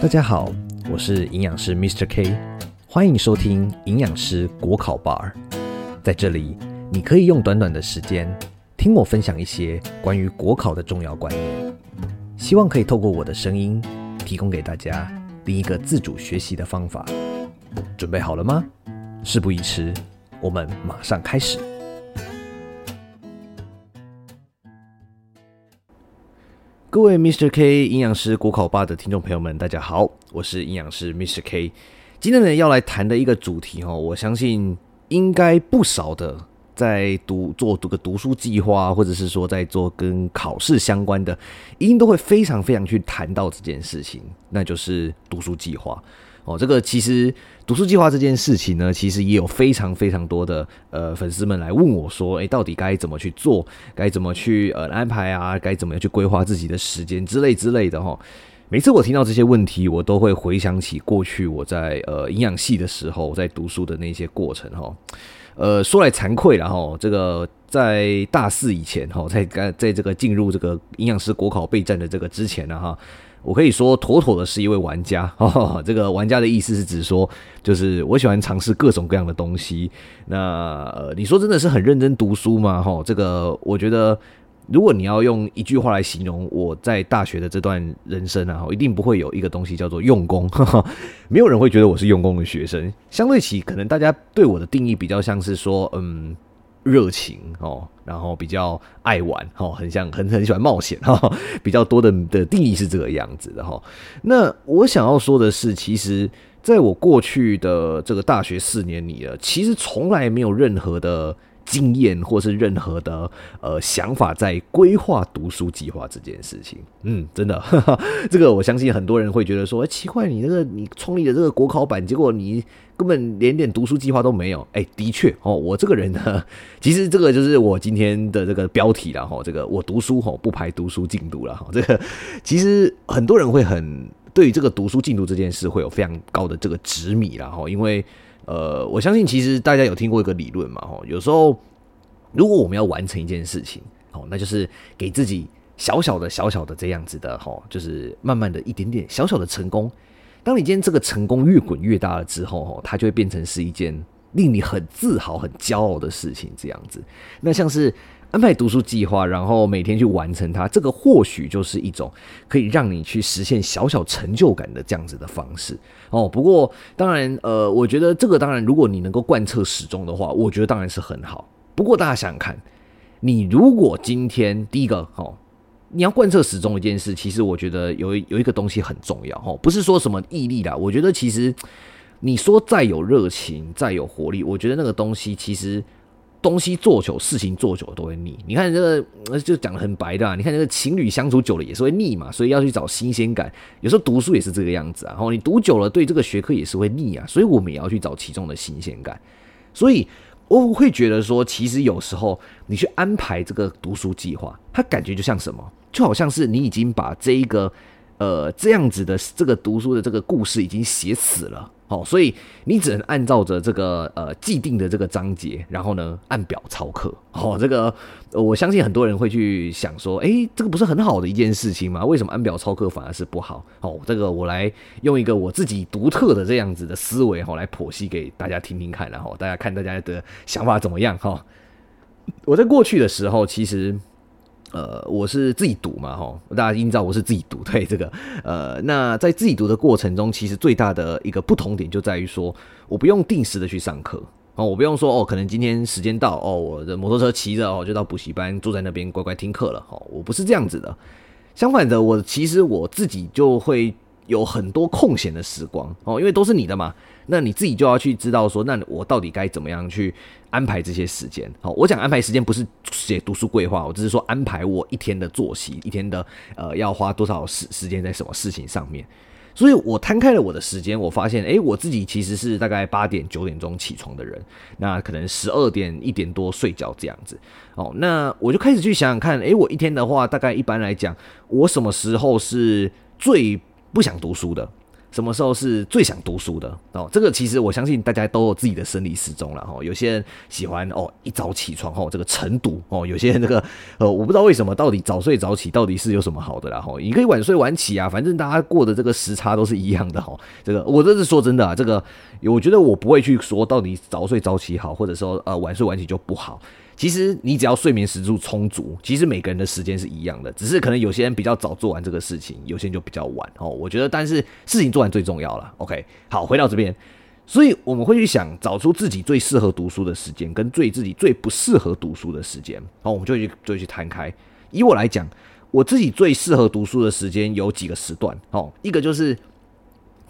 大家好，我是營養師 Mr. K，歡迎收聽營養師國考 bar。在這裡，你可以用短短的時間聽我分享一些關於國考的重要觀念，希望可以透過我的聲音，提供給大家另一個自主學習的方法。準備好了嗎？事不宜遲，我們馬上開始。各位 Mr. K 營養師國考吧的聽眾朋友們，大家好，我是營養師 Mr. K。今天呢，要來談的一個主題哦，我相信應該不少的在讀做讀個讀書計劃，或者是說在做跟考試相關的，一定都會非常非常去談到這件事情，那就是讀書計劃。哦，這個其實讀書計劃這件事情呢，其實也有非常非常多的呃粉絲們來問我說，哎，到底該怎麼去做，該怎麼去呃安排啊，該怎麼樣去規劃自己的時間之類之類的哈。每次我聽到這些問題，我都會回想起過去我在呃營養系的時候在讀書的那些過程哈。呃，說來慚愧了哈，這個在大四以前哈，在該在這個進入這個營養師國考備戰的這個之前呢哈。我可以說妥妥的是一位玩家哦，這個玩家的意思是指說，就是我喜歡嘗試各種各樣的東西。那呃，你說真的是很認真讀書嗎？哈，這個我覺得，如果你要用一句話來形容我在大學的這段人生啊，一定不會有一個東西叫做用功，哈哈，沒有人會覺得我是用功的學生。相對起，可能大家對我的定義比較像是說，嗯。熱情哦，然後比較愛玩哦，很像很很喜歡冒險哈，比較多的的定義是這個樣子的哈。那我想要說的是，其實在我過去的這個大學四年裡了，其實從來沒有任何的，經驗或是任何的呃想法，在規劃讀書計劃這件事情，嗯，真的呵呵，這個我相信很多人會覺得說，哎、欸，奇怪，你這、那個你創立的這個國考版，結果你根本連點讀書計劃都沒有。哎、欸，的確哦，我這個人呢，其實這個就是我今天的這個標題了哈，這個我讀書哈不排讀書進度了哈，這個其實很多人會很對於這個讀書進度這件事會有非常高的這個執迷了哈，因為。呃，我相信其實大家有聽過一個理論嘛，吼，有時候如果我們要完成一件事情，吼，那就是給自己小小的、小小的這樣子的，吼，就是慢慢的一點點小小的成功。當你今天這個成功越滾越大了之後，吼，它就會變成是一件令你很自豪、很驕傲的事情，這樣子。那像是。安排讀書計劃，然後每天去完成它，這個或許就是一種可以讓你去實現小小成就感的這樣子的方式哦。不過，當然，呃，我覺得這個當然，如果你能夠貫徹始終的話，我覺得當然是很好。不過，大家想想看，你如果今天第一個哦，你要貫徹始終一件事，其實我覺得有有一個東西很重要哦，不是說什麼毅力啦，我覺得其實你說再有熱情，再有活力，我覺得那個東西其實。東西做久，事情做久了都會膩。你看這個，就講得很白的啊。你看這個情侶相處久了也是會膩嘛，所以要去找新鮮感。有時候讀書也是這個樣子啊。然後你讀久了，對這個學科也是會膩啊，所以我們也要去找其中的新鮮感。所以我會覺得說，其實有時候你去安排這個讀書計劃，它感覺就像什麼，就好像是你已經把這一個呃這樣子的這個讀書的這個故事已經寫死了。哦，所以你只能按照着這個呃既定的這個章節，然後呢按表操課。哦，這個我相信很多人會去想說，誒、欸，這個不是很好的一件事情嗎？為什麼按表操課反而是不好？哦，這個我來用一個我自己獨特的這樣子的思維，哈、哦，來剖析給大家聽聽看，然後大家看大家的想法怎麼樣，哈、哦。我在過去的時候，其實。呃，我是自己讀嘛，齁，大家應知道我是自己讀，對這個，呃，那在自己讀的過程中，其實最大的一個不同點就在於說，我不用定時的去上課，哦，我不用說哦，可能今天時間到，哦，我的摩托車騎着哦，就到補習班坐在那邊乖乖聽課了，哦，我不是這樣子的，相反的，我其實我自己就會。有很多空閒的時光哦，因為都是你的嘛，那你自己就要去知道說，那我到底該怎麼樣去安排這些時間？好，我講安排時間不是寫讀書規劃，我只是說安排我一天的作息，一天的呃，要花多少時時間在什麼事情上面。所以我攤開了我的時間，我發現，誒，我自己其實是大概八點九點鐘起床的人，那可能十二點一點多睡覺這樣子。哦，那我就開始去想想看，誒，我一天的話，大概一般來講，我什麼時候是最不想讀書的，什麼時候是最想讀書的哦？這個其實我相信大家都有自己的生理時鐘了哈。有些人喜歡哦一早起床哈、哦，這個晨讀哦。有些人這個呃、哦，我不知道為什麼到底早睡早起到底是有什麼好的啦。哈、哦。你可以晚睡晚起啊，反正大家過的這個時差都是一樣的哈、哦。這個我這是說真的啊，這個我覺得我不會去說到底早睡早起好，或者說呃晚睡晚起就不好。其實你只要睡眠時數充足，其實每個人的時間是一樣的，只是可能有些人比較早做完這個事情，有些人就比較晚哦。我覺得，但是事情做完最重要了。OK，好，回到這邊，所以我們會去想找出自己最適合讀書的時間，跟最自己最不適合讀書的時間。好，我們就去，就去攤開。以我來講，我自己最適合讀書的時間有幾個時段哦，一個就是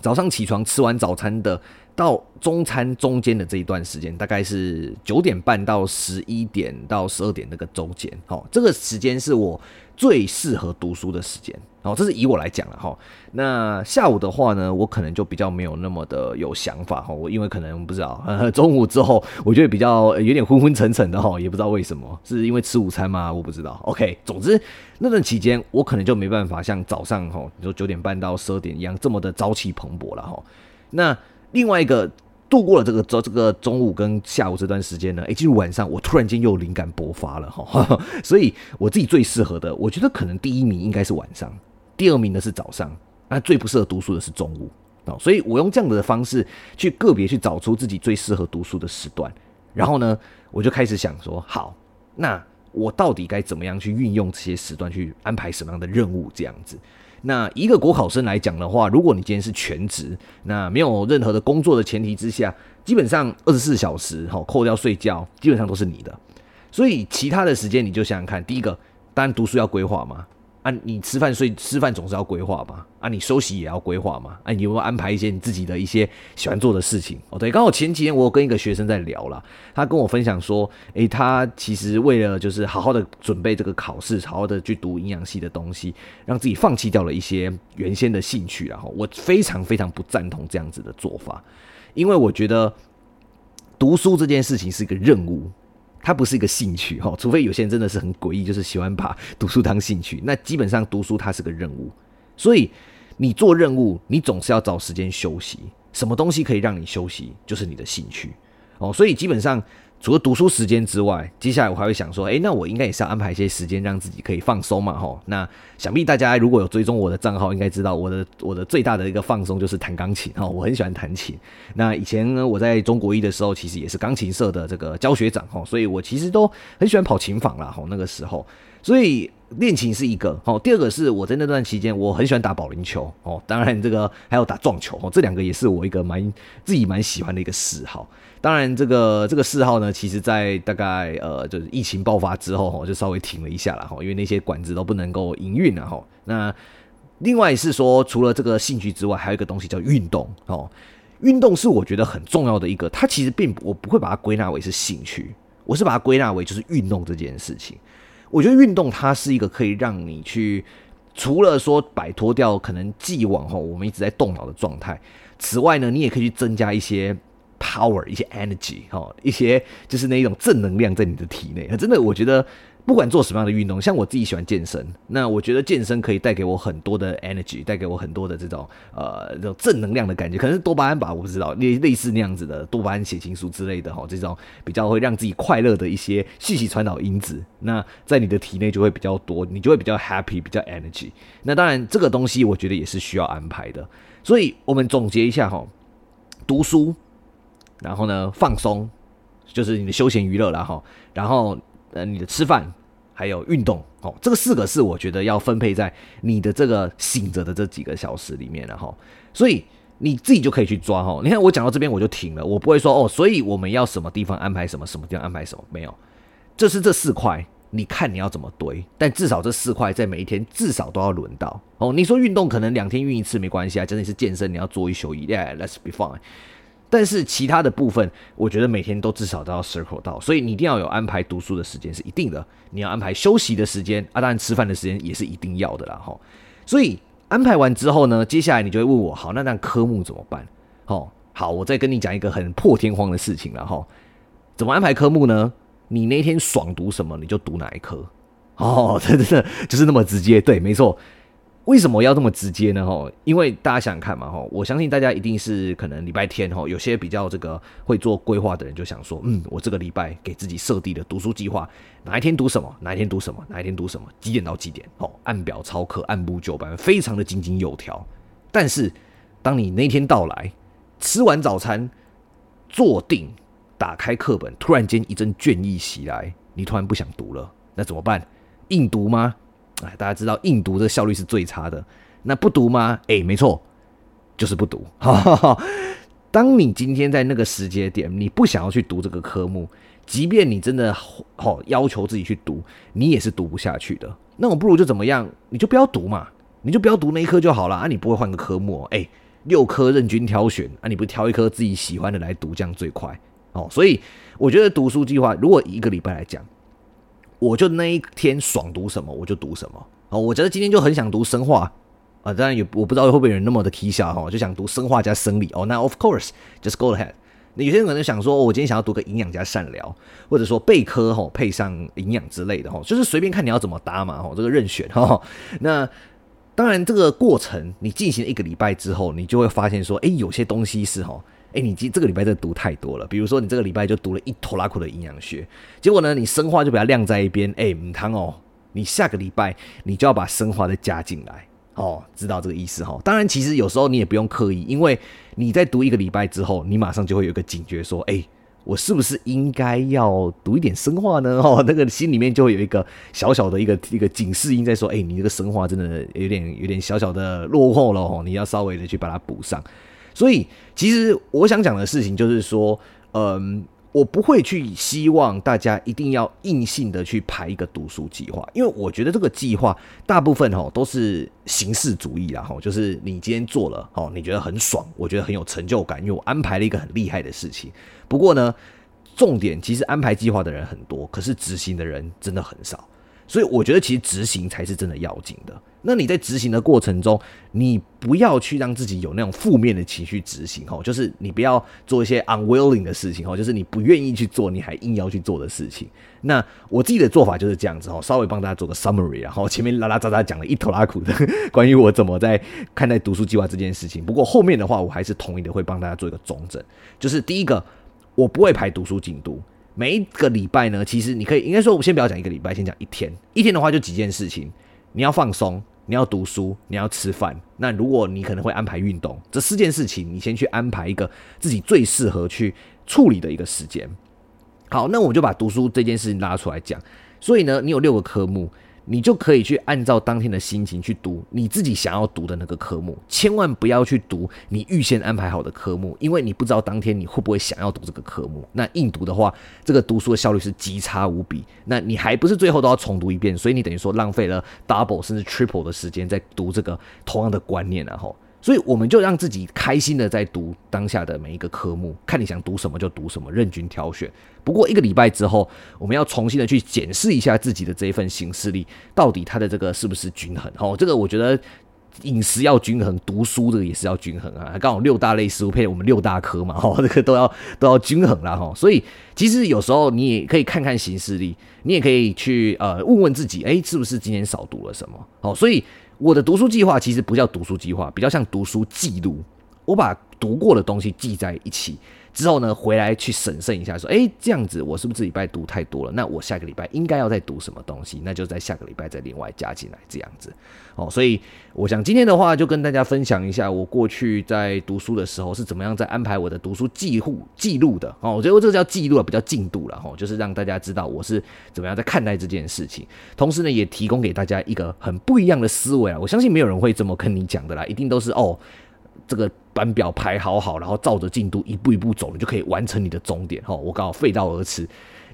早上起床吃完早餐的。到中餐中間的這一段時間，大概是九點半到十一點到十二點那個中間，哦，這個時間是我最適合讀書的時間，哦，這是以我來講了，哈。那下午的話呢，我可能就比較沒有那麼的有想法，哈，我因為可能不知道、呃，中午之後我覺得比較有點昏昏沉沉的，哈，也不知道為什麼，是因為吃午餐嗎？我不知道。OK，總之那段期間，我可能就沒辦法像早上，哈，你說九點半到十二點一樣這麼的朝氣蓬勃了，哈，那。另外一個度過了這個這個中午跟下午這段時間呢，誒，進入晚上，我突然間又靈感勃發了哈，所以我自己最適合的，我覺得可能第一名應該是晚上，第二名的是早上，那最不適合讀書的是中午哦，所以我用這樣的方式去個別去找出自己最適合讀書的時段，然後呢，我就開始想說，好，那我到底該怎麼樣去運用這些時段去安排什麼樣的任務，這樣子。那一個國考生來講的話，如果你今天是全職，那沒有任何的工作的前提之下，基本上二十四小時哈，扣掉睡覺，基本上都是你的。所以其他的時間你就想想看，第一個，當然讀書要規劃嘛。啊、你吃飯，所以吃飯總是要規劃嘛？啊，你休息也要規劃嘛？啊，你有沒有安排一些你自己的一些喜歡做的事情？哦，對，剛好前幾天我有跟一個學生在聊了，他跟我分享說，誒、欸，他其實為了就是好好的準備這個考試，好好的去讀營養系的東西，讓自己放棄掉了一些原先的興趣，然後我非常非常不贊同這樣子的做法，因為我覺得讀書這件事情是一個任務。它不是一個興趣哈，除非有些人真的是很詭異，就是喜歡把讀書當興趣。那基本上讀書它是個任務，所以你做任務，你總是要找時間休息。什麼東西可以讓你休息，就是你的興趣哦。所以基本上。除了讀書時間之外，接下來我還會想說，哎、欸，那我應該也是要安排一些時間讓自己可以放鬆嘛，哈。那想必大家如果有追蹤我的賬號，應該知道我的我的最大的一個放鬆就是彈鋼琴，哈，我很喜歡彈琴。那以前呢，我在中國一的時候，其實也是鋼琴社的這個教學長，哈，所以我其實都很喜歡跑琴房啦，哈，那個時候，所以。練琴是一個哦，第二個是我在那段期間，我很喜歡打保齡球哦，當然這個還有打撞球哦，這兩個也是我一個蠻自己蠻喜歡的一個嗜好。當然這個這個嗜好呢，其實在大概呃就是疫情爆發之後就稍微停了一下了，因為那些館子都不能夠營運了哈。那另外是說，除了這個興趣之外，還有一個東西叫運動哦，運動是我覺得很重要的一個，它其實並不，我不會把它歸納為是興趣，我是把它歸納為就是運動這件事情。我覺得運動它是一個可以讓你去，除了說擺脫掉可能既往哈我們一直在動腦的狀態，此外呢，你也可以去增加一些 power、一些 energy 哈，一些就是那一種正能量在你的體內。真的，我覺得。不管做什麼樣的運動，像我自己喜歡健身，那我覺得健身可以帶給我很多的 energy，帶給我很多的這種呃這種正能量的感覺，可能是多巴胺吧，我不知道，類類似那樣子的多巴胺血清素之類的哈，這種比較會讓自己快樂的一些信息傳導因子，那在你的體內就會比較多，你就會比較 happy，比較 energy。那當然這個東西我覺得也是需要安排的，所以我們總結一下哈，讀書，然後呢放鬆，就是你的休閒娛樂啦。哈，然後。呃，你的吃飯還有運動哦，這個四個是我覺得要分配在你的這個醒着的這幾個小時裡面了。哈、哦，所以你自己就可以去抓哈、哦。你看我講到這邊我就停了，我不會說哦，所以我們要什麼地方安排什麼，什麼地方安排什麼，沒有，這、就是這四塊，你看你要怎麼堆，但至少這四塊在每一天至少都要輪到哦。你說運動可能兩天運一次沒關係啊，真的是健身你要做一休一，Yeah，let's be fine。但是其他的部分，我覺得每天都至少都要 circle 到，所以你一定要有安排讀書的時間是一定的，你要安排休息的時間啊，當然吃飯的時間也是一定要的啦吼。所以安排完之後呢，接下來你就會問我，好，那那科目怎麼辦？哦，好，我再跟你講一個很破天荒的事情了吼，怎麼安排科目呢？你那天爽讀什麼，你就讀哪一科哦，真的就是那麼直接，對，沒錯。為什麼要這麼直接呢？因為大家想想看嘛，我相信大家一定是可能禮拜天，哈，有些比較這個會做規劃的人就想說，嗯，我這個禮拜給自己設定的讀書計劃，哪一天讀什麼，哪一天讀什麼，哪一天讀什麼，幾點到幾點，哦，按表操課，按部就班，非常的井井有條。但是，當你那一天到來，吃完早餐，坐定，打開課本，突然間一陣倦意襲來，你突然不想讀了，那怎麼辦？硬讀嗎？大家知道硬讀這個效率是最差的，那不讀嗎？誒、欸，沒錯，就是不讀。 當你今天在那個時間點，你不想要去讀這個科目，即便你真的好要求自己去讀，你也是讀不下去的。那我不如就怎麼樣？你就不要讀嘛，你就不要讀那一科就好了。啊，你不會換個科目、哦？誒、欸，六科任君挑選。啊，你不挑一科自己喜歡的來讀，這樣最快哦。所以我覺得讀書計劃，如果以一個禮拜來講。我就那一天爽讀什麼我就讀什麼哦，我覺得今天就很想讀生化啊，當然有。我不知道會不會有人那麼的奇想哈，就想讀生化加生理哦。那 of course，just go ahead。那有些人可能想說、哦，我今天想要讀個營養加善療，或者說備科哈、哦、配上營養之類的哈、哦，就是隨便看你要怎麼搭嘛哈、哦，這個任選哈、哦。那當然這個過程你進行一個禮拜之後，你就會發現說，誒、欸，有些東西是哈。哦哎、欸，你今這個禮拜真的讀太多了，比如說你這個禮拜就讀了一拖拉庫的營養學，結果呢，你生化就把它晾在一邊，哎、欸，母湯哦。你下個禮拜你就要把生化再加進來，哦，知道這個意思哈、哦？當然，其實有時候你也不用刻意，因為你在讀一個禮拜之後，你馬上就會有一個警覺，說，哎、欸，我是不是應該要讀一點生化呢？哦，那個心裡面就會有一個小小的、一個一個警示音在說，哎、欸，你這個生化真的有點、有點小小的落後了，哦，你要稍微的去把它補上。所以，其實我想講的事情就是說，嗯，我不會去希望大家一定要硬性的去排一個讀書計劃，因為我覺得這個計劃大部分哦都是形式主義啦，哦，就是你今天做了哦，你覺得很爽，我覺得很有成就感，因為我安排了一個很厲害的事情。不過呢，重點其實安排計劃的人很多，可是執行的人真的很少。所以我覺得其實執行才是真的要緊的。那你在執行的過程中，你不要去讓自己有那種負面的情緒執行哦，就是你不要做一些 unwilling 的事情哦，就是你不願意去做，你還硬要去做的事情。那我自己的做法就是這樣子哦，稍微幫大家做個 summary，然後前面拉拉雜雜講了一頭拉苦的關於我怎麼在看待讀書計劃這件事情。不過後面的話，我還是同意的，會幫大家做一個總整。就是第一個，我不會排讀書進度。每一個禮拜呢，其實你可以應該說，我們先不要講一個禮拜，先講一天。一天的話就幾件事情，你要放鬆，你要讀書，你要吃飯。那如果你可能會安排運動，這四件事情，你先去安排一個自己最適合去處理的一個時間。好，那我就把讀書這件事情拉出來講。所以呢，你有六個科目，你就可以去按照當天的心情去讀你自己想要讀的那個科目，千萬不要去讀你預先安排好的科目，因為你不知道當天你會不會想要讀這個科目。那硬讀的話，這個讀書的效率是極差無比。那你還不是最後都要重讀一遍，所以你等於說浪費了 double 甚至 triple 的時間在讀這個同樣的觀念，啊，然後。所以我們就讓自己開心的在讀當下的每一個科目，看你想讀什麼就讀什麼，任君挑選。不過一個禮拜之後，我們要重新的去檢視一下自己的這一份行事曆，到底它的這個是不是均衡？哦，這個我覺得飲食要均衡，讀書這個也是要均衡啊，剛好六大類食物配我們六大科嘛，哦，這個都要都要均衡啦，哈、哦。所以其實有時候你也可以看看行事曆，你也可以去呃問問自己，哎，是不是今天少讀了什麼？哦、所以。我的讀書計劃其實不叫讀書計劃，比較像讀書記錄。我把讀過的東西記在一起。之後呢，回來去審慎一下，說，誒、欸，這樣子我是不是這禮拜讀太多了？那我下個禮拜應該要再讀什麼東西？那就在下個禮拜再另外加進來這樣子。哦，所以我想今天的話就跟大家分享一下，我過去在讀書的時候是怎麼樣在安排我的讀書記錄記錄的。哦，我覺得我這個叫記錄啊，不叫進度了、哦，就是讓大家知道我是怎麼樣在看待這件事情。同時呢，也提供給大家一個很不一樣的思維啊！我相信沒有人會這麼跟你講的啦，一定都是哦。這個班表排好好，然後照着進度一步一步走，你就可以完成你的終點。我剛好背道而馳。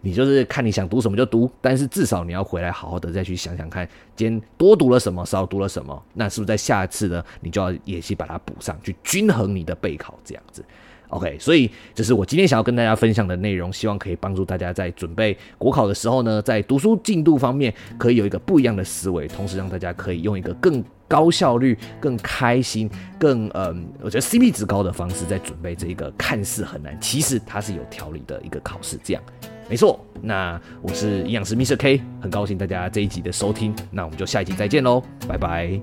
你就是看你想讀什麼就讀，但是至少你要回來好好的再去想想看，今天多讀了什麼，少讀了什麼，那是不是在下一次呢？你就要也去把它補上去，均衡你的備考這樣子。OK，所以這是我今天想要跟大家分享的內容，希望可以幫助大家在準備國考的時候呢，在讀書進度方面可以有一個不一樣的思維，同時讓大家可以用一個更高效率、更開心、更嗯，我覺得 CP 值高的方式在準備這一個看似很難，其實它是有條理的一個考試。這樣，沒錯。那我是營養師 Mr K，很高興大家這一集的收聽，那我們就下一集再見嘍，拜拜。